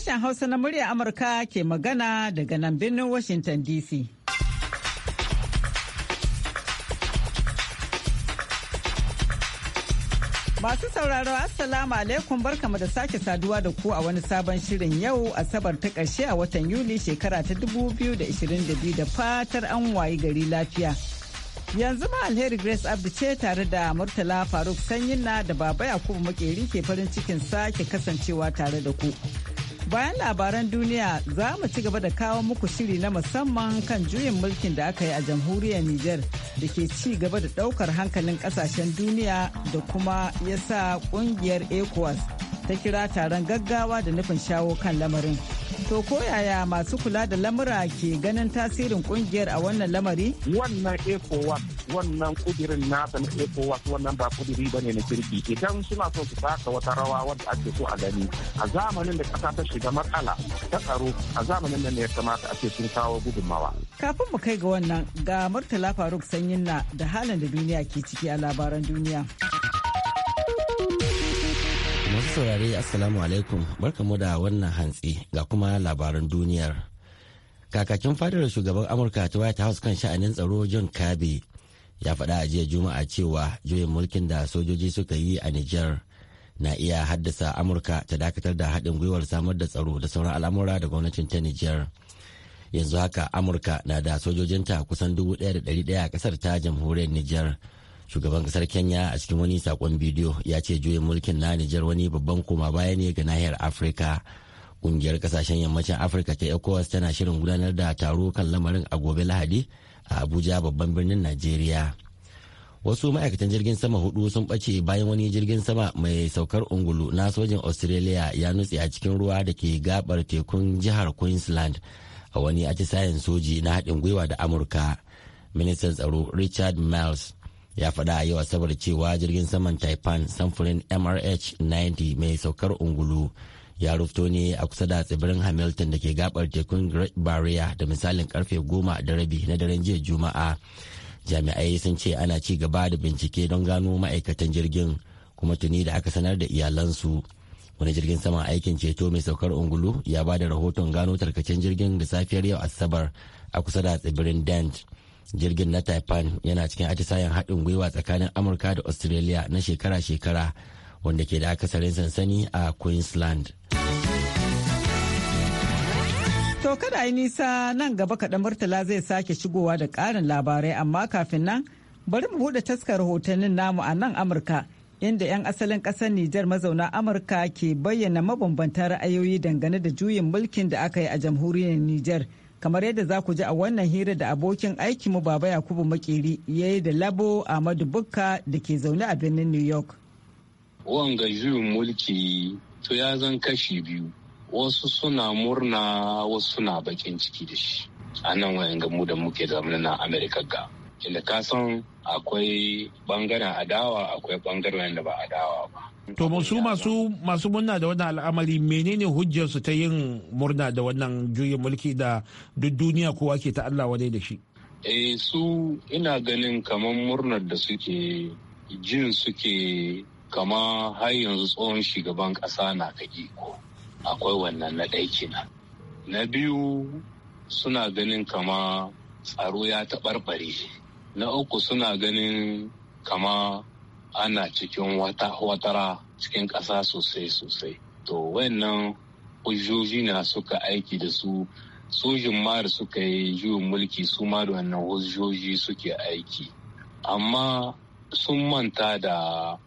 Sashen Hausa na murya Amurka ke magana daga nan birnin Washington DC. Masu sauraro Assalamu alaikum barkamu da sake saduwa da ku a wani sabon shirin yau Asabar ta karshe a watan Yuli shekara ta 2022 da fatar an wayi gari lafiya. Yanzu ma alheri Grace Abdu ce tare da Murtala Faruk sanyin na da Baba Yakubu Makeri ke farin cikin sake kasancewa tare da ku. Bayan labaran duniya za mu ci gaba da kawo muku shiri na musamman kan juyin mulkin da aka yi a jamhuriyar Nijar da ke ci gaba da daukar hankalin kasashen duniya da kuma ya sa kungiyar ECOWAS ta kira taron gaggawa da nufin shawo kan lamarin. To ko yaya masu kula da lamura ke ganin tasirin kungiyar a wannan lamari? Wannan ECOWAS wannan kudirin nasa na wasu wannan ba kudiri ba ne na kirki idan suna so su taka wata rawa wadda ake so a gani a zamanin da kasa ta shiga matsala ta tsaro a zamanin nan ne ya kamata ake sun kawo gudunmawa. kafin mu kai ga wannan ga murtala faruk sanyin na da halin da duniya ke ciki a labaran duniya. masu saurare assalamu alaikum barkamu da wannan hantsi ga kuma labaran duniyar kakakin fadar shugaban amurka ta white house kan sha'anin tsaro john kirby ya faɗa a jiya juma'a cewa juyin mulkin da sojoji suka yi a niger na iya haddasa amurka ta dakatar da haɗin gwiwar samar da tsaro da sauran al'amura da gwamnatin ta niger yanzu haka amurka na da sojojinta kusan dubu da ɗaya ɗari ɗaya a ƙasar ta jamhuriyar niger shugaban ƙasar kenya a cikin wani saƙon bidiyo ya ce juyin mulkin na niger wani babban koma baya ne ga nahiyar afirka ƙungiyar ƙasashen yammacin afirka ta ecowas tana shirin gudanar da taro kan lamarin a gobe lahadi a abuja babban birnin najeriya wasu ma'aikatan jirgin sama hudu sun ɓace bayan wani jirgin sama mai saukar ungulu na sojin australia ya nutse a cikin ruwa da ke gabar tekun jihar queensland a wani atisayen soji na haɗin gwiwa da amurka ministan tsaro richard miles ya faɗa a yau asabar cewa jirgin saman taipan samfurin mrh 90 mai saukar ungulu ya rufto ne a kusa da tsibirin hamilton da ke gabar tekun great barrier da misalin karfe goma da rabi na daren jiya juma'a jami'ai sun ce ana ci gaba da bincike don gano ma'aikatan jirgin kuma tuni da aka sanar da iyalansu wani jirgin saman aikin ceto mai saukar ungulu ya ba da rahoton gano tarkacen jirgin da safiyar yau asabar a kusa da tsibirin dent jirgin na taipan yana cikin atisayen haɗin gwiwa tsakanin amurka da australia na shekara-shekara wanda ke da akasarin sansani a queensland to kada yi nisa nan gaba kaɗan murtala zai sake shigowa da ƙarin labarai amma kafin nan bari mu buɗe taskar rahotannin namu a nan amurka inda 'yan asalin ƙasar Nijar mazauna Amurka ke bayyana mabambantan ra'ayoyi dangane da juyin mulkin da aka yi a jamhuriyar Nijar. Kamar yadda za ku ji a wannan hira da abokin aikinmu Baba Yakubu Makeri ya yi da Labo Ahmadu Bukka da ke zaune a birnin New York. wanga juyin mulki to ya zan kashi biyu wasu suna murna wasu suna bakin ciki da shi a nan wayan gamu da muke zamanin na amerika ga inda ka san akwai bangaren adawa akwai bangaren da ba adawa ba to musu masu masu murna da wannan al'amari menene hujjarsu ta yin murna da wannan juyin mulki da duk duniya kowa ke ta Allah wadai da shi eh su ina ganin kamar murnar da suke jin suke kama har yanzu tsohon shugaban ƙasa na ka iko akwai wannan na ɗaiki na na biyu suna ganin kama tsaro ya taɓarɓare na uku suna ganin kama ana cikin wata watara cikin ƙasa sosai sosai to wannan hujjoji na suka aiki da su sojin ma suka yi juyin mulki su ma da wannan hujjoji suke aiki amma sun manta da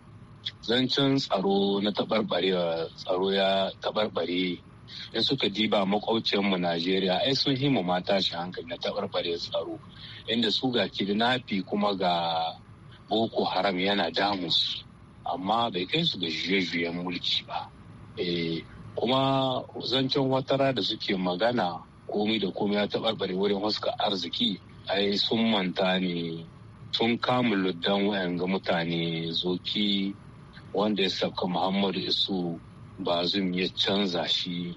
zancen tsaro na taɓarɓarewa tsaro ya taɓarɓare in suka diba makwabcinmu najeriya ai sun himu ma tashi hankali na taɓarɓare tsaro inda su ga kidnafi kuma ga boko haram yana damus amma bai kai su ga juye mulki ba eh, kuma zancen watara da suke magana komi da komi ya taɓarɓare wurin wasu arziki ai sun manta ne sun kama luddan wayan ga mutane zoki wanda ya saka muhammadu isu bazum ya canza shi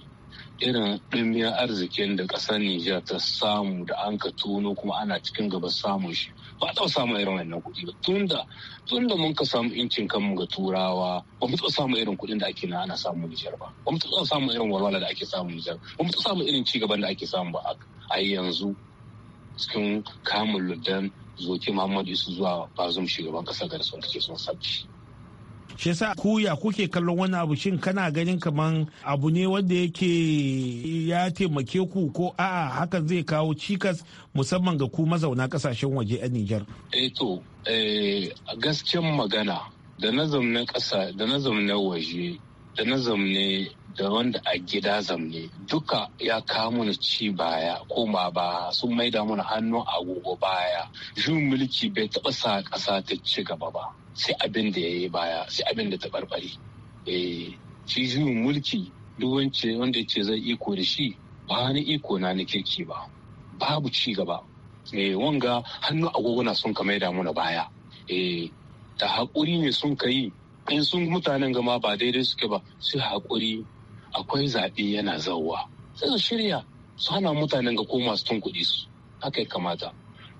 irin ɗimbin arzikin da ƙasar Nijar ta samu da an ka tono kuma ana cikin gaba samun shi ba ta samu irin wannan kuɗi ba tunda tunda mun ka samu incin kanmu ga turawa ba mu ta samun irin kuɗin da ake na ana samu Nijar ba ba mu ta samun irin walwala da ake samu Nijar ba mu ta samun irin ci gaban da ake samu ba a yanzu cikin kamun luddan zoki Muhammadu Isu zuwa bazum shugaban ƙasar da ke son sun sabci shi yasa ku ya kuke kallon wani abu shin kana ganin kaman abu ne wanda yake ya taimake ku ko a'a hakan zai kawo cikas musamman ga ku mazauna kasashen waje a Nijar. Eh to eh, magana da na zamanin da na zamanin waje da na zamne da wanda a gida zamne duka ya kawo ni ci baya koma ba sun maida mana hannun agogo baya jin mulki bai taɓa sa ƙasa ta ci gaba ba sai abin da ya baya sai abin da ta barbare eh shi jin mulki duk wance wanda ce zai iko da shi ba ni iko na ni kirki ba babu ci gaba eh wanga hannu agogo na sun ka maida mana baya eh ta hakuri ne sun ka yi in sun mutanen gama ba daidai suke ba su hakuri akwai zaɓe yana zauwa sai su shirya su hana mutanen ga ko masu tun kuɗi su haka ya kamata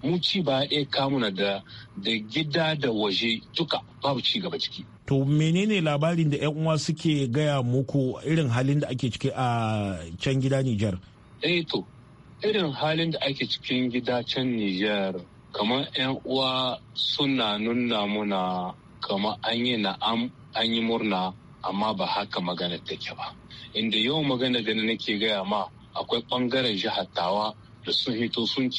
mu ci ba ɗaya kamuna da da gida da waje duka babu ci gaba ciki to menene labarin da 'yan uwa suke gaya muku irin halin da ake ciki a can gida Nijar? eh to irin halin da ake cikin gida can Nijar kamar 'yan uwa suna nuna muna kamar an yi na'am an yi murna amma ba haka magana take ba inda yau magana da nake gaya ma akwai ɓangaren jihar tawa da sun hito sun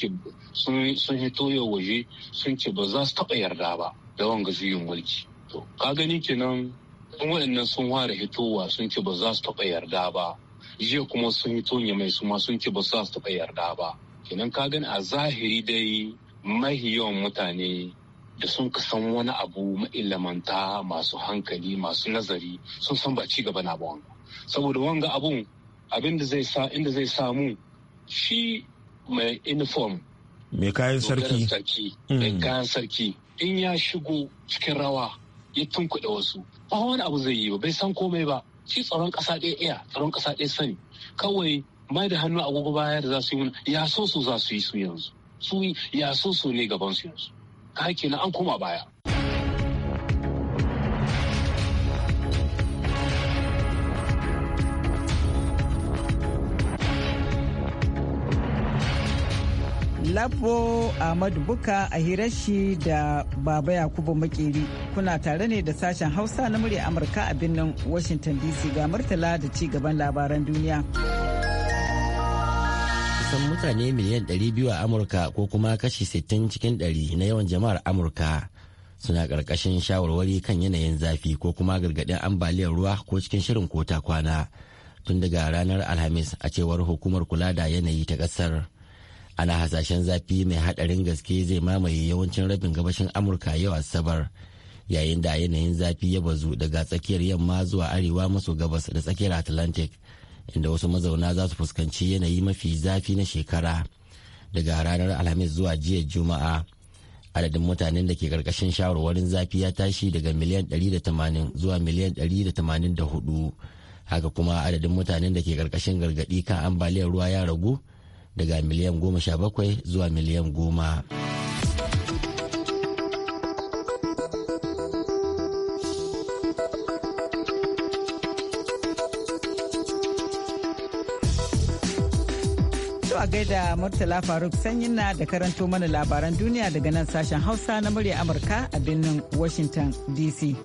yau waje sun ce ba za su taɓa yarda ba da wanga juyin mulki to ka gani kenan sun waɗannan sun fara hitowa sun ce ba za su taɓa yarda ba jiya kuma sun hito ne mai suma sun ce ba za su taɓa yarda ba kenan ka gani a zahiri dai mahi yawan mutane da sun ka san wani abu ma'ilamanta masu hankali masu nazari sun san ba ci gaba na ba wanga saboda wanga abun abin da zai sa inda zai samu shi mai uniform mai kayan sarki hmm. mai kayan sarki in ya shigo cikin rawa ya da wasu ba wani abu zai yi ba bai san komai ba shi tsaron ƙasa ɗaya iya tsaron kasa ɗaya sani kawai mai da hannu agogo baya da za su yi ya so su za su yi su yanzu su ya so su ne gaban su yanzu ka kenan an koma baya Labo Ahmadu Buka a hirashi da Baba Yakubu Makeri. Kuna tare ne da sashen Hausa na murya Amurka a birnin Washington DC ga Murtala da ci gaban labaran duniya. kusan mutane miliyan 200 a amurka ko kuma kashi 60 cikin 100 na yawan jama'ar amurka suna ƙarƙashin shawarwari kan yanayin zafi ko kuma gargaɗin ambaliyar ruwa ko cikin shirin kota kwana tun daga ranar alhamis a cewar hukumar kula da yanayi ta ƙasar ana hasashen zafi mai haɗarin gaske zai mamaye yawancin rabin gabashin amurka yau asabar yayin da yanayin zafi ya bazu daga tsakiyar yamma zuwa arewa maso gabas da tsakiyar atlantic inda wasu mazauna za su fuskanci yanayi mafi zafi na shekara daga ranar alhamis zuwa jiya juma'a adadin mutanen da ke karkashin shawarwarin zafi ya tashi daga miliyan 180 zuwa miliyan 184 haka kuma adadin mutanen da ke karkashin gargadi kan ambaliyar ruwa ya ragu daga miliyan 17 zuwa miliyan 10 a gaida Murtala Faruk sanyin na da karanto mana labaran duniya daga nan sashen Hausa na murya Amurka a birnin Washington DC.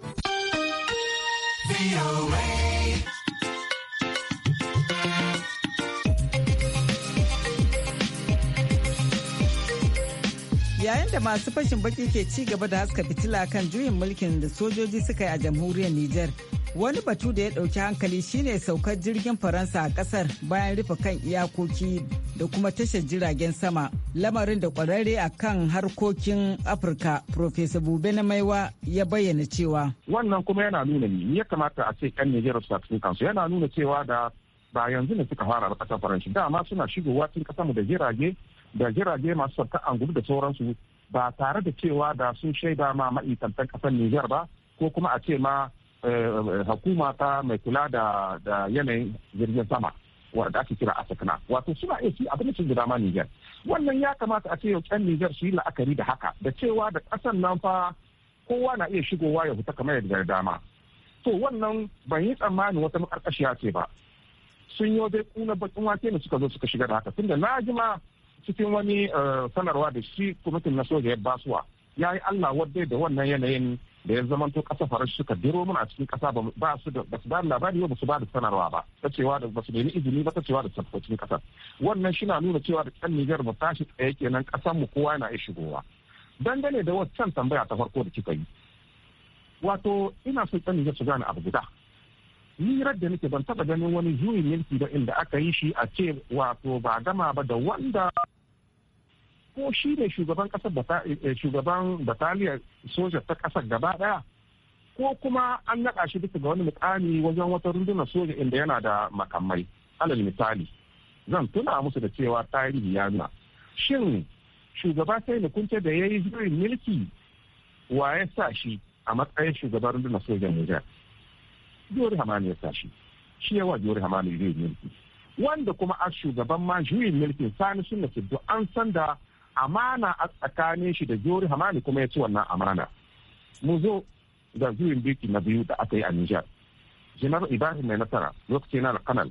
yayin da masu fashin baki ke ci gaba da haska fitila kan juyin mulkin da sojoji suka yi a jamhuriyar Nijar wani batu da ya ɗauki hankali shine saukar jirgin faransa a ƙasar bayan rufe kan iyakoki da kuma tashar jiragen sama lamarin da ƙwararre a kan harkokin afirka profesa bube na maiwa ya bayyana cewa wannan kuma yana nuna ni ya kamata a ce kan nijar su kansu yana nuna cewa da ba yanzu ne suka fara da ƙasar faransa dama suna shigowa cikin ƙasar mu da jirage da jirage masu sauka angulu da sauransu ba tare da cewa da sun shaida ma ma'aikatan ƙasar nijar ba ko kuma a ce ma Eh, eh, hukuma ta mai kula da yanayin jirgin sama wadda ake kira asakna wato suna iya ci abin da dama Niger wannan ya kamata a ce yau kan Niger shi la'akari da haka da cewa da kasan nan fa kowa na iya shigowa ya fita kamar yadda dama to wannan ban yi tsammani wata makarkashiya ce ba sun yi dai kuna bakin wake ne suka zo suka shiga da haka tunda na jima cikin wani eh, sanarwa da shi kwamitin na soja ya basuwa ya yi Allah wadda da wannan yanayin da ya zamanto kasa faransa suka diro mun a cikin kasa ba su da ba su da labari ba su ba da sanarwa ba ta cewa da ba su nemi izini ba ta cewa da tabbacin kasa wannan shi na nuna cewa da kan Nijar ba tashi tsaye kenan kasan mu kowa yana iya shigowa dangane da wancan tambaya ta farko da kika yi wato ina son kan Nijar su gane abu guda ni da nake ban taba ganin wani juyin mulki da inda aka yi shi a ce wato ba gama ba da wanda ko shi ne shugaban kasar eh, shugaban bataliyar soja ta kasar gaba daya ko kuma an naɗa shi bisa ga wani mukami wajen wata runduna soja inda yana da makamai alal misali zan tuna musu da cewa tarihi ya nuna shin shugaba sai kunce da yayi yi juyin mulki wa ya sa shi a matsayin shugaban rundunar sojan Nijar. Jori Hamani ya sa shi, shi yawa Jori Hamani yi mulki. Wanda kuma a shugaban ma juyin mulkin Sani sun na Siddo an san da amana a tsakanin shi da jori hamani kuma ya ci wannan amana mu zo ga zuwin biki na biyu da aka yi a nijar janar ibrahim mai nasara lokacin na kanal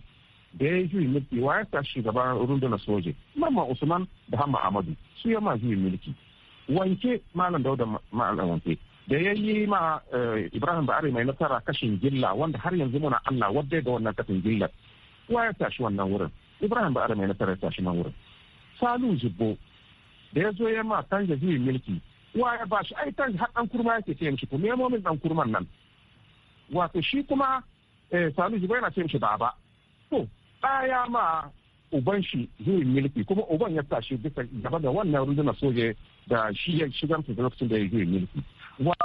da ya yi juyin mulki wa ya tashi gaban rundunar soje mamman usman da Hama amadu su ya ma juyin mulki wanke malam dauda malam wanke da ya yi ma eh, ibrahim ba'ari mai nasara kashin gilla wanda har yanzu muna allah wadda ga wannan kashin gilla wa ya tashi wannan wurin ibrahim ba'ari mai nasara ya tashi nan wurin salu Zubo. da ya zo ya ma canza juyin mulki wa ya ba shi ai canza har dan kurma yake ce mishi ku mu min dan kurman nan wato shi kuma eh, sami jibo yana ce mishi ba to ɗaya ma uban shi juyin mulki kuma uban ya tashi shi bisa gaba da wannan runduna soje da shi ya shigar da lokacin da ya juyin mulki wa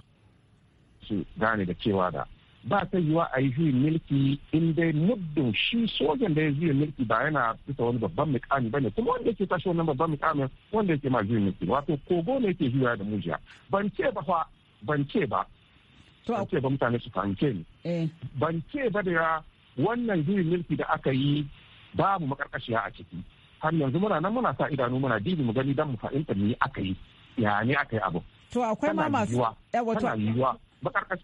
su gane da cewa da ba ta yiwa a yi juyin mulki in dai muddin shi sojan da ya juya mulki ba yana bisa wani babban mukami bane kuma wanda yake tashi wannan babban mukami wanda yake ma juyin mulki wato kogo ne yake juya da mujiya ban ce ba fa ban ce ba ban ce ba mutane su fahimce ni eh. ban ce ba da ya wannan juyin mulki da aka yi babu makarkashiya a ciki har yanzu muna nan muna sa idanu muna dibi mu gani dan mu fahimta ni aka yi ya ne aka yi abu to akwai ma masu yawa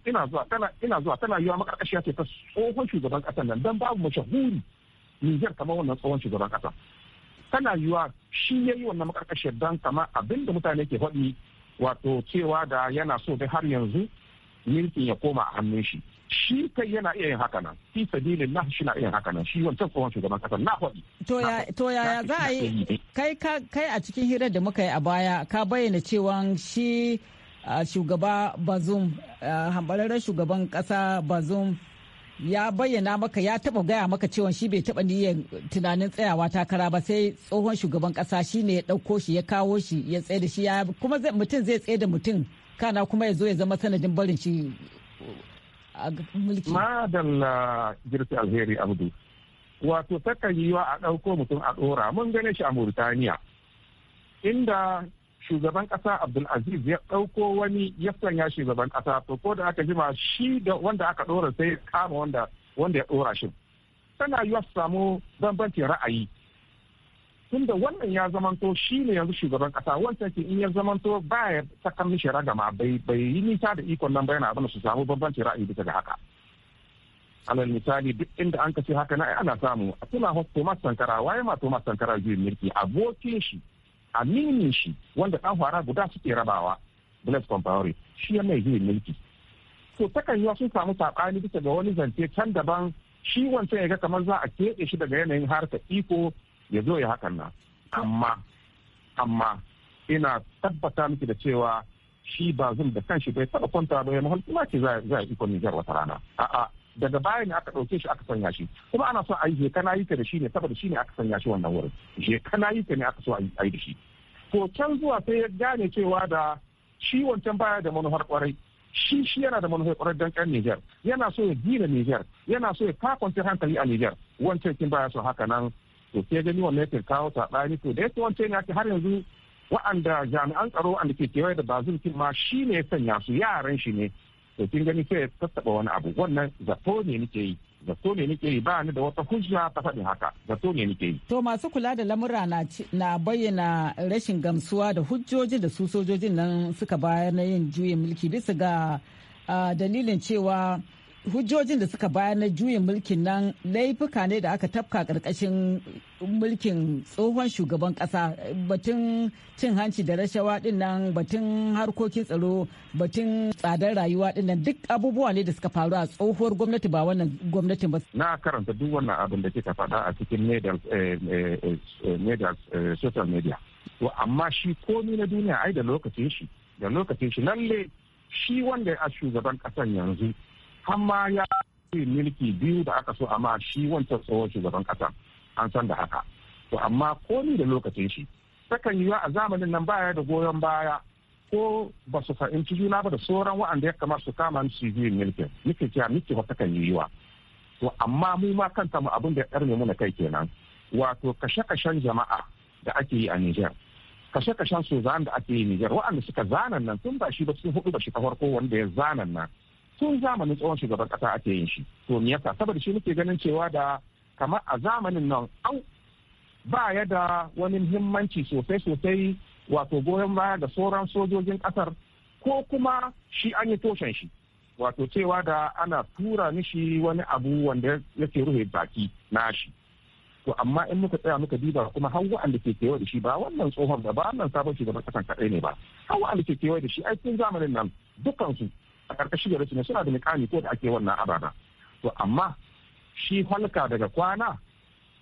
ina zuwa tana ina zuwa tana yiwa makarkashiya ce ta tsohon shugaban kasan nan dan babu mace mashahuri Niger kamar wannan tsohon shugaban kasa tana yiwa shi ya yi wannan makarkashiyar dan kama abinda mutane ke faɗi wato cewa da yana so dai har yanzu milkin ya koma a hannun shi shi kai yana iya yin haka nan fi sabilin na shi na iya yin haka nan shi wancan tsohon shugaban kasar na faɗi. to ya za a yi kai a cikin hirar da muka yi a baya ka bayyana cewa shi shugaba bazum hambararren shugaban kasa bazum ya bayyana maka ya taba gaya maka cewa shi bai taba niyyar tunanin tsayawa takara ba sai tsohon shugaban kasa shi ne ya ɗauko shi ya kawo shi ya tsaye da shi ya kuma mutum zai tsaye da mutum kana kuma ya zo ya zama sanadin barin shi a mulki. Madalla girki alheri abdu wato takan a ɗauko mutum a ɗora mun gane shi a Murtaniya inda shugaban kasa abdulaziz ya ɗauko wani ya sanya shugaban kasa to ko da aka jima shi da wanda aka ɗora sai kama wanda wanda ya ɗora shi tana yiwa su samu bambancin ra'ayi tunda wannan ya zamanto shi ne yanzu shugaban kasa wancan ke in ya zamanto ba ya sakan mishi ragama bai bai yi nisa da ikon nan ba yana abin su samu bambancin ra'ayi bisa ga haka alal misali duk inda an kace haka na ana samu a tuna Thomas Sankara waye ma Thomas Sankara zai mulki abokin shi aminin shi wanda an fara guda suke rabawa Blaise Compaoré shi ya mai juyin mulki to takan yi sun samu saɓani bisa ga wani zance can daban shi wancan ya ga kamar za a keɓe shi daga yanayin harka iko ya zo ya hakan nan amma amma ina tabbata miki da cewa shi ba zan da kanshi bai taɓa kwanta ba ya mahalci ke za a iko Nijar wata rana a'a daga bayan ne aka ɗauke shi aka sanya shi kuma ana so a yi kana yi ta da shi ne saboda shi ne aka sanya shi wannan wurin je kana yi ta ne aka so a yi da shi to can zuwa sai ya gane cewa da shi wancan baya da manufar kwarai shi shi yana da manufar ƙwarai don kan Niger yana so ya gina Niger yana so ya kakwanci hankali a Niger wancan kin baya so haka nan to sai gani wannan yake kawo saɓani to da yake wancan ya ce har yanzu wa'anda jami'an tsaro wa'anda ke kewaye da Bazil kin ma shi ne ya sanya su yaran shi ne to kin gani sai ya wani abu wannan zato ne nake yi zato ne nake yi ba ni da wata hujja ta faɗin haka zato ne nake yi. To masu kula da lamura na bayyana rashin gamsuwa da hujjoji da su sojojin nan suka bayar na yin juyin mulki bisa ga ah, dalilin cewa hujjojin da suka bayar na juyin mulkin nan laifuka ne da aka tafka karkashin mulkin tsohon shugaban kasa batun cin hanci da rashawa din nan batun harkokin tsaro batun tsadar rayuwa din nan duk abubuwa ne da suka faru a tsohuwar gwamnati ba wannan gwamnatin ba na karanta duk wannan abin da kika faɗa a cikin media eh, eh, eh, social media to amma shi komi na duniya ai da lokacin shi da lokacin shi lalle shi wanda a shugaban kasan yanzu har ma ya milki biyu da aka so amma shi wancan tsohon shugaban kasa an san da haka to amma ko ni da lokacin shi takan yiwa a zamanin nan baya da goyon baya ko ba su fahimci juna ba da sauran wa'anda ya kamata su kama ni su yi milkin nake cewa miki ba yi wa to amma mu ma kanta mu abin da ya mu na kai kenan wato kashe-kashen jama'a da ake yi a Nijar kashe-kashen su da ake yi Nijar wa'anda suka zanan nan tun ba shi ba sun hudu ba shi ta farko wanda ya zanan nan tun zamanin tsohon shugaban kasa ake yin shi to me yasa saboda shi muke ganin cewa da kamar a zamanin nan au ba ya da wani muhimmanci sosai sosai wato goyon baya da sauran sojojin kasar ko kuma shi an yi toshen shi wato cewa da ana tura mishi wani abu wanda yake rufe baki na shi to amma in muka tsaya muka diba kuma har wa'anda ke kewaye da shi ba wannan tsohon da ba wannan sabon shugaban kasan kadai ne ba har wa'anda ke kewaye da shi ai tun zamanin nan dukansu a ƙarƙashin da suna da mikami ko da ake wannan abada to amma shi halka daga kwana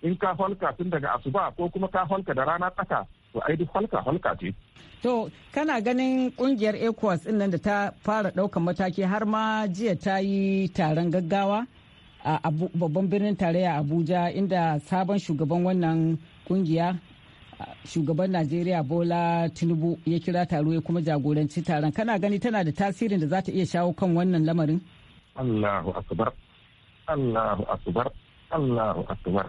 in ka halka tun daga asuba ko kuma ka halka da rana tsaka to ai duk halka halka ce to kana ganin kungiyar ecowas din nan da ta fara daukan mataki har ma jiya ta yi taron gaggawa a babban birnin tarayya abuja inda sabon shugaban wannan kungiya shugaban najeriya bola tinubu ya kira taro ya kuma jagoranci taron kana gani tana da tasirin da za ta iya shawo kan wannan lamarin allahu akbar allahu akbar allahu akbar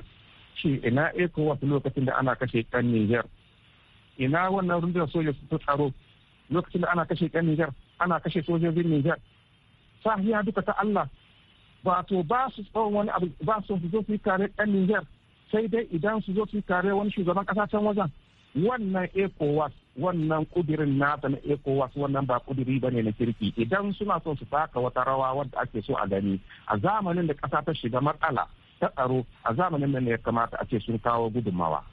shi ina wasu lokacin da ana kashe kan niger ina wannan rundunar soja su tsaro lokacin da ana kashe kan niger ana kashe sojojin niger sahiya duka ta allah ba to ba su tsawon wani abu ba su zo su yi tare kan niger sai dai idan su zo su tare wani shugaban kasa can wajen wannan ecowas wannan kudirin nasa na ecowas wannan ba kudiri bane na kirki idan suna son su taka wata rawa wadda ake so a gani a zamanin da kasa ta shiga matsala ta tsaro a zamanin nan ne ya kamata a ce sun kawo gudunmawa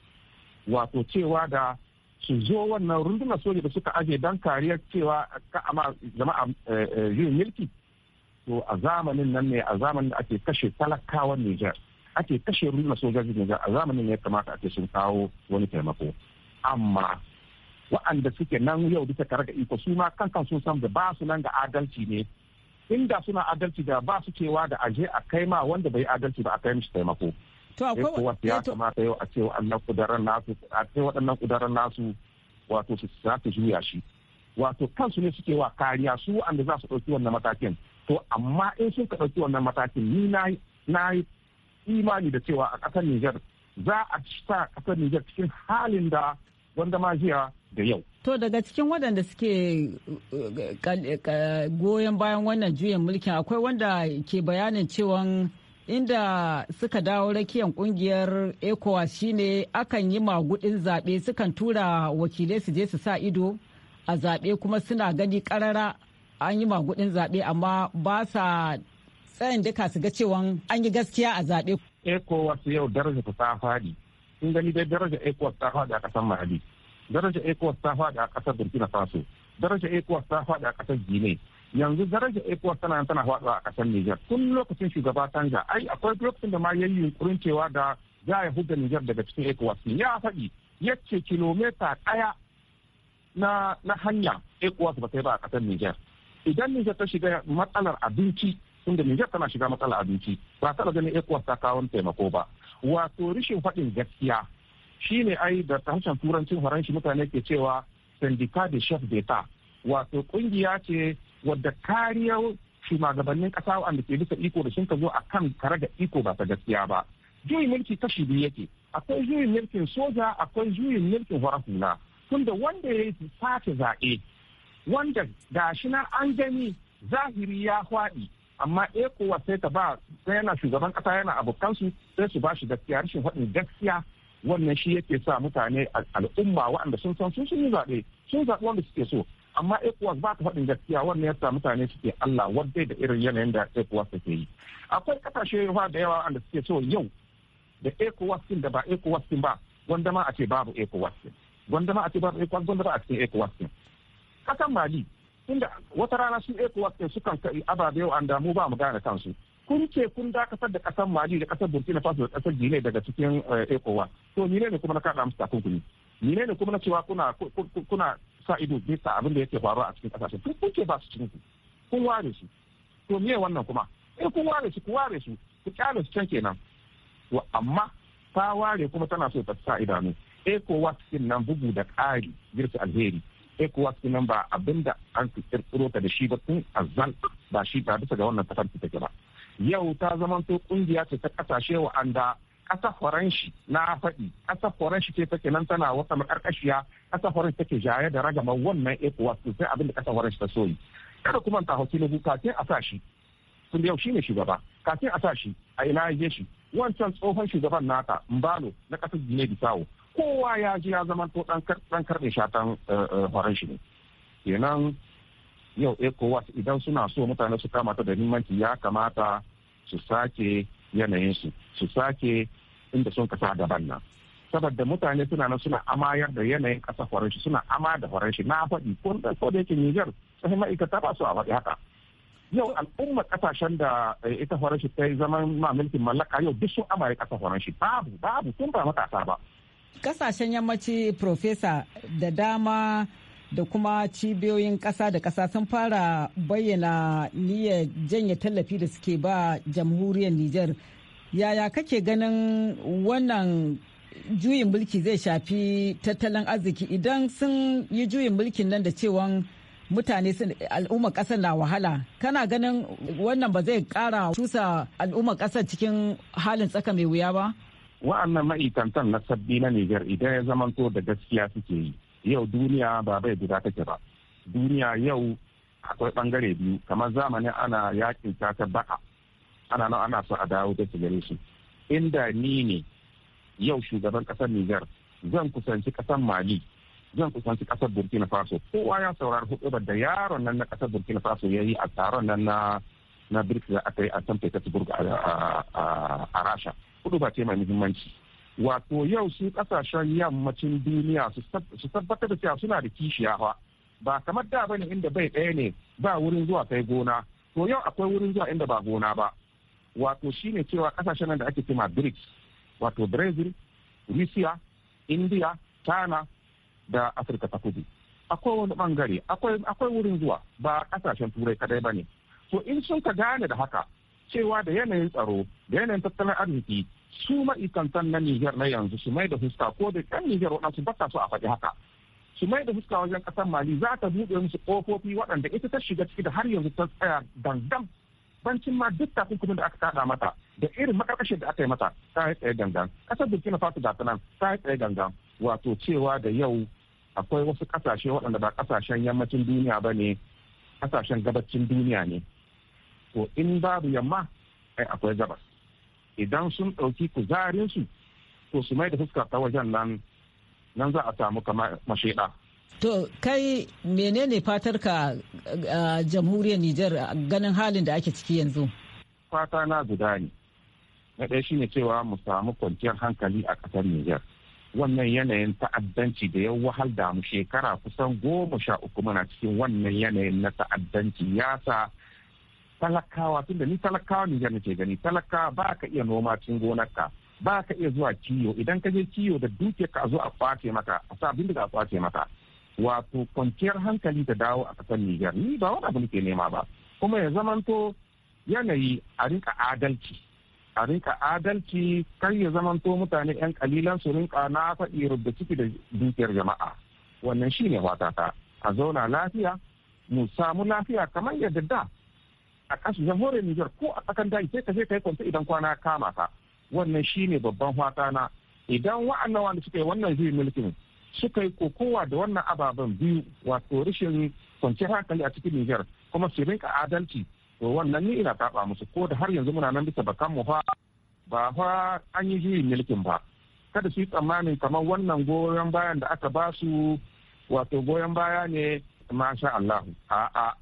wato cewa da su zo wannan rundunar soja da suka aje don kariyar cewa ka'ama jama'a eh, eh, yin milki to a zamanin nan ne a zamanin da ake kashe talakawan Nijar. ake kashe murna sojoji ne a zamanin ya kamata ake sun kawo wani taimako amma wa'anda suke nan yau duka tare da iko su ma kankan sun san da ba su nan ga adalci ne inda suna adalci da ba su cewa da aje a kai ma wanda bai adalci ba a kai mishi taimako to akwai wata ya eh, kamata yau a ce waɗannan kudaran nasu a ce waɗannan kudaran nasu wato su za su juya shi wato kansu ne suke wa kariya su wa'anda za su ɗauki wannan matakin to amma in sun ka ɗauki wannan matakin ni na na imani da cewa a ƙasar Nijar za a sa ƙasar Nijar cikin halin da wanda ma jiya da yau. To daga cikin waɗanda suke eh, eh, goyon bayan wannan juyin mulkin akwai wanda ke bayanin cewa inda suka dawo rakiyar kungiyar ECOWAS shine akan yi magudin zaɓe sukan tura wakilai su je su sa ido a zaɓe kuma suna gani ƙarara an yi magudin zaɓe amma ba sa tsayin duka su ga cewa an yi gaskiya a zaɓe. ECOWAS yau daraja ta faɗi. Sun gani dai daraja ECOWAS ta faɗi a ƙasar Mali. Daraja ECOWAS ta faɗi a ƙasar Burkina Faso. Daraja ECOWAS ta faɗi a ƙasar Guinea. yanzu daraja ecowas tana tana faɗuwa a ƙasar Nijar tun lokacin shugaba tanja ai akwai lokacin da ma yayi yunƙurin cewa da za ya huda Nijar daga cikin ecowas ya faɗi ce kilomita ɗaya na na hanya ecowas ba ta yi ba a ƙasar Nijar idan Nijar ta shiga matsalar abinci tunda Nijar tana shiga matsala abinci ba ta ganin ECOWAS ta kawo taimako ba wato rishin faɗin gaskiya ne ai da harshen turancin faranshi mutane ke cewa sandika de chef d'etat wato kungiya ce wadda kariyar shugabannin ƙasa wanda ke bisa iko da sun ka zo a kan kare da iko ba ta gaskiya ba juyin mulki kashi biyu yake akwai juyin mulkin soja akwai juyin mulkin hula tunda wanda ya yi sace zaɓe wanda gashi na an gani zahiri ya faɗi amma ecowas sai ta ba sai yana shugaban kasa yana abokansu sai su ba shi gaskiya rashin faɗin gaskiya wannan shi yake sa mutane al'umma waɗanda sun san sun yi zaɓe sun zaɓi wanda suke so amma ecowas ba ta faɗin gaskiya wannan ya sa mutane suke allah wadda da irin yanayin da ecowas take yi akwai kasashe da yawa waɗanda suke so yau da ecowas din da ba ecowas din ba wanda ma a ce babu ecowas din wanda ma a ce babu ecowas wanda ba a cikin ecowas din kasan mali tunda wata rana su ECOWAS ɗin sukan kai ababe wa'anda mu ba mu gane kansu. Kun ce kun dakatar da ƙasar Mali da ƙasar Burkina Faso da ƙasar Gine daga cikin ekowa. Eh, to ni ne kuma na kaɗa musu takunkumi. Ni ne kuma na cewa kuna kuna sa ido bisa abin da yake faruwa a cikin ƙasashen. Kun kun ce ba su cikin kun ware su. To me wannan kuma? Eh kun ware su ku ware su ku kyale su can kenan. To amma ta ware kuma tana so ta sa idanu. ekowa cikin nan bugu da ƙari girka alheri. su nan ba abinda an kirkiro ta da shi ba tun azal ba shi ba bisa ga wannan kasar ta take ba. Yau ta zama to kungiya ce ta kasashe anda kasa faranshi na faɗi kasa faranshi ce take nan tana wata makarƙashiya kasa faranshi take jaye da ragamar wannan su sai abinda da faranshi ta soyi kada kuma ta na nubu kafin a sa shi tun yau shine shugaba kafin a sa shi a ina ya shi wancan tsohon shugaban nata mbalo na kasar gine bisawo kowa ya ji ya zama to dan karbe shatan eh, eh, horon shi ne kenan yau ecowas idan suna so mutane su kama ta da nimanci ya kamata su sake yanayinsu su sake inda sun kasa daban nan saboda mutane suna nan suna amayar da yanayin kasa faranshi shi suna ama da faranshi shi na faɗi ko da ko da yake Niger sai ma'aikata ba su a faɗi haka yau al'umma kasashen da eh, ita faranshi ta yi zaman ma mallaka yau duk sun amaye kasa faranshi shi babu babu tun ba matasa ba kasashen yammaci profesa da dama da kuma cibiyoyin kasa da kasa sun fara bayyana niyyar janye tallafi da suke ba jamhuriyar niger Yaya kake ganin wannan juyin mulki zai shafi tattalin arziki idan sun yi juyin mulkin nan da cewa mutane al'ummar kasar na wahala kana ganin wannan ba zai kara tusa al'ummar ƙasar cikin halin tsaka mai wuya ba? wa'annan ma'aikantan na sabbi na Nijar idan ya zamanto da gaskiya suke yi yau duniya ba bai guda take ba duniya yau akwai bangare biyu kamar zamanin ana yakin ta ba'a ana nan ana so a dawo da gare shi inda ni ne yau shugaban kasar Nijar zan kusanci kasar Mali zan kusanci kasar Burkina Faso kowa ya saurari hudubar da yaron nan na kasar Burkina Faso ya yi a taron nan na na birk da aka yi a san petersburg a rasha hudu ba ce mai muhimmanci wato yau su kasashen yammacin duniya su tabbatar da cewa suna da kishiya ba kamar da bane inda bai ɗaya ne ba wurin zuwa kai gona to yau akwai wurin zuwa inda ba gona ba wato shine cewa kasashen nan da ake cewa brics wato brazil russia india china da afirka ta kudu akwai wani bangare akwai wurin zuwa ba kasashen turai kadai ba ne to in sun ka gane da haka cewa da yanayin tsaro da yanayin tattalin arziki su ma'aikatan na Niger na yanzu su mai da fuska ko da kan Nijar waɗansu baka su a faɗi haka su mai da fuska wajen ƙasar Mali za ta buɗe musu ƙofofi waɗanda ita ta shiga ciki da har yanzu ta tsaya dangan bancin ma duk takunkumin da aka kada mata da irin makarkashin da aka yi mata ta yi tsaye gangan ƙasar Burkina Faso da nan ta yi tsaye gangan wato cewa da yau akwai wasu ƙasashe waɗanda ba ƙasashen yammacin duniya ba ne ƙasashen gabacin duniya ne ko in babu yamma ai akwai gabas idan sun ɗauki kuzarinsu to su mai da fuska ta wajen nan nan za a samu kama mashaida. To kai menene fatarka a jamhuriyar Nijar ganin halin da ake ciki yanzu? Fata na guda ne. Na ɗaya shine cewa mu samu kwanciyar hankali a ƙasar Nijar. Wannan yanayin ta'addanci da ya wahal da mu shekara kusan goma sha uku muna cikin wannan yanayin na ta'addanci ya sa talakawa tunda ni talakawa ne jami ke gani talakawa ba ka iya noma cin gonarka ba ka iya zuwa kiyo idan ka je kiyo da duke ka zo a kwace maka a sa abin da a kwace maka wato kwanciyar hankali ta dawo a kasar Nijar ni ba wani abu nake nema ba kuma ya zamanto yanayi a rinka adalci a rinka adalci kar ya zamanto mutane yan kalilan su rinka na faɗi rubda ciki da dukiyar jama'a wannan shine watata a zauna lafiya mu samu lafiya kamar yadda da a kasu hore Nijar ko a tsakan daji sai ka je ka yi kwanta idan kwana kama ka wannan shine babban fata na idan wa'annan wanda suka yi wannan zai mulkin suka yi kokowa da wannan ababen biyu wato rashin kwanciyar hankali a cikin Nijar kuma su rinka adalci to wannan ni ina taba musu ko da har yanzu muna nan bisa bakan mu fa ba fa an yi juyin mulkin ba kada su yi tsammanin kamar wannan goyon bayan da aka ba su wato goyon baya ne masha Allah a'a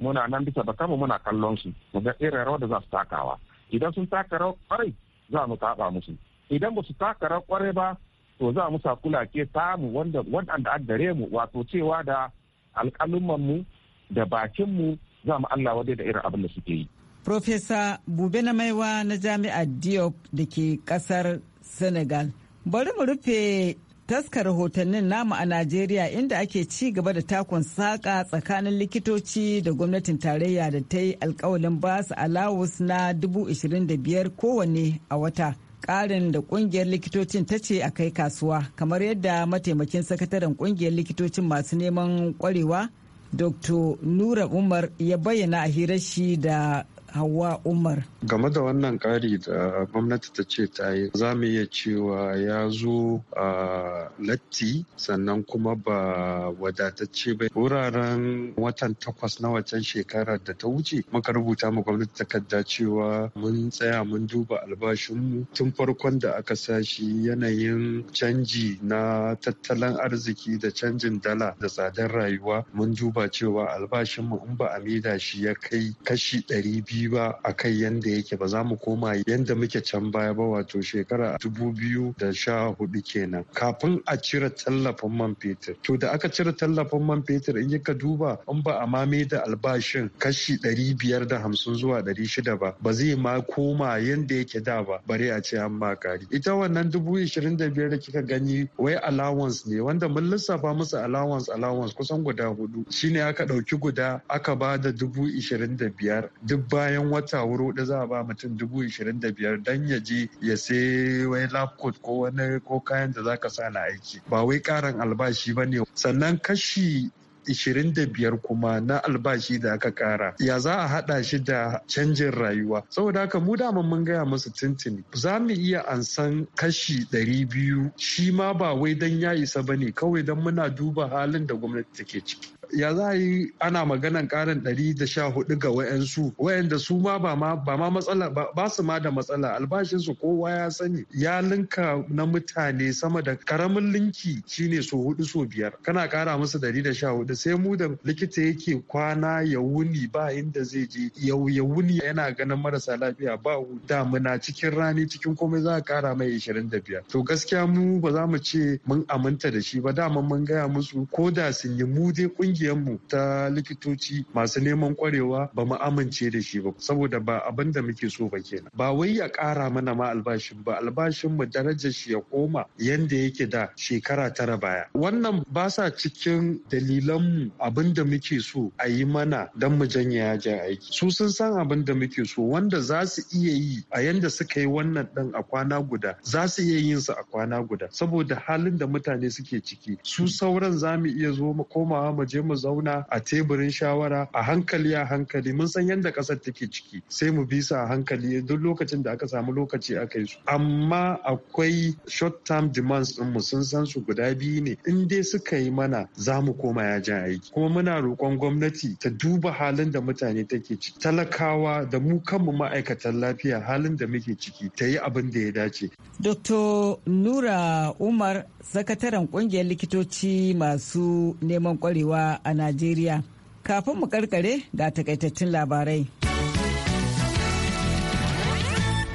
muna nan bisa da kama muna kallon su mu ga irin rawar da za su takawa idan sun taka rawar kwarai za mu taba musu idan ba su taka rawar kwarai ba to za mu sa kulake samu wanda wanda an dare mu wato cewa da alƙalumman mu da bakin mu za mu Allah wadai da irin abin da suke yi Profesa Bube na Maiwa na Jami'ar Diop da ke kasar Senegal. Bari mu rufe taska rahotannin namu a Najeriya inda ake ci gaba da takon saƙa tsakanin likitoci da gwamnatin tarayya da ta yi alkawalin basu alawus na 25,000 kowanne a wata. Ƙarin da ƙungiyar likitocin ta ce a kai kasuwa kamar yadda mataimakin sakataren ƙungiyar likitocin masu neman ƙwarewa Dr. Nura Umar ya bayyana a hirar shi da Hauwa Umar. Game da wannan ƙari da gwamnati ta ce ta yi za mu iya cewa ya zo a latti sannan kuma ba wadatacce ba. Wuraren watan takwas na wacan shekarar da ta wuce muka rubuta mu gwamnati takarda cewa mun tsaya mun duba albashinmu tun farkon da aka sa shi, yanayin canji na tattalin arziki da canjin dala da tsadar rayuwa mun duba cewa albashinmu in ba a shi ya kai kashi ɗari biyu ba a kai yanda yake ba za mu koma yanda muke can baya ba wato shekara dubu biyu da sha hudu kenan kafin a cire tallafin man fetur to da aka cire tallafin man fetur in ka duba in ba a mame da albashin kashi dari biyar da hamsin zuwa ɗari shida ba ba zai ma koma yanda yake da ba bare a ce an ma kari ita wannan dubu ishirin da biyar da kika gani wai allowance ne wanda mun lissafa musu allowance allowance kusan guda hudu shine aka ɗauki guda aka ba da dubu ishirin da biyar duk ba bayan wata da za a ba mutum dubu ishirin da biyar dan ya je ya sai wani laptop ko wani ko kayan da zaka sa na aiki ba wai karin albashi ba ne sannan kashi ishirin da biyar kuma na albashi da aka kara ya za a hada shi da canjin rayuwa saboda haka mu dama mun gaya musu tintini za mu iya ansan kashi ɗari biyu. shi ma ba wai dan ya isa ba ne kawai dan muna duba halin da gwamnati take ciki ya za yi ana maganan karin 114 ga wayansu wayanda su ma ba ma matsala ba su ma da matsala albashinsu kowa ya sani ya linka na mutane sama da karamin linki shine so hudu so biyar kana kara musu 114 sai mu da likita yake kwana ya wuni ba inda zai je ya wuni yana ganin marasa lafiya ba damuna cikin rani cikin komai za a kara mai 25 to gaskiya mu ba za mu ce mun aminta da shi ba dama mun gaya musu ko da sun yi mu dai kungiyar mu ta likitoci masu neman kwarewa ba mu amince da shi ba saboda ba abin da muke so ba kenan ba wai ya ƙara mana ma albashin ba albashin mu darajar shi ya koma yanda yake da shekara tara baya wannan ba sa cikin dalilanmu abin da muke so a yi mana don mu janye yajin aiki su sun san abin da muke so wanda za su iya yi a yanda suka yi wannan ɗin a kwana guda za su iya yin su a kwana guda saboda halin da mutane suke ciki su sauran za mu iya zo mu komawa mu je mu zauna a teburin shawara a hankali a hankali mun san yadda ƙasar take ciki sai mu bi su a hankali duk lokacin da aka samu lokaci aka yi su amma akwai short term demands din mu sun san su guda biyu ne in dai suka yi mana za mu koma yajin aiki kuma muna roƙon gwamnati ta duba halin da mutane take ciki talakawa da mu kanmu ma'aikatan lafiya halin da muke ciki ta yi abin da ya dace. Dr. Nura Umar, sakataren ƙungiyar likitoci masu neman ƙwarewa. a Najeriya. Kafin mu karkare ga takaitattun labarai.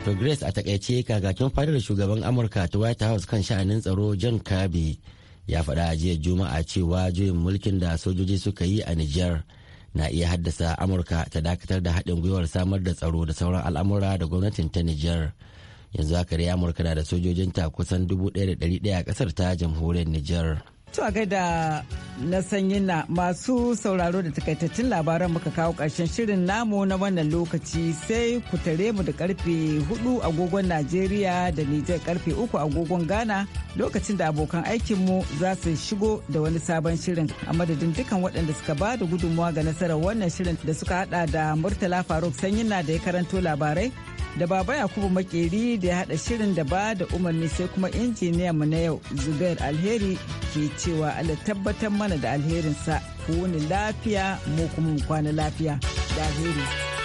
To Grace a takaice kakakin fadar shugaban Amurka ta White House kan sha'anin tsaro John Kirby ya faɗa a jiya Juma'a cewa juyin mulkin da sojoji suka yi a Nijar na iya haddasa Amurka ta dakatar da haɗin gwiwar samar da tsaro da sauran al'amura da gwamnatin ta Nijar. Yanzu haka dai Amurka na da sojojinta kusan 1,100 a ƙasar ta jamhuriyar Nijar. To a gaida na sanyi na masu sauraro da takaitattun labaran muka kawo ƙarshen shirin namu na wannan lokaci sai ku tare mu da karfe 4 agogon Najeriya da Nijar karfe 3 agogon Ghana lokacin da abokan aikinmu za su shigo da wani sabon shirin a madadin dukan waɗanda suka ba da gudunmawa ga nasarar wannan shirin da suka hada da Murtala Faruk Sanyina da ya karanto labarai da baba yakubu makeri da ya hada shirin da ba da umarni sai kuma injiniya mu na yau zubair alheri ke cewa ala tabbatar mana da alherinsa ku wani lafiya mu kuma kwana lafiya da alheri.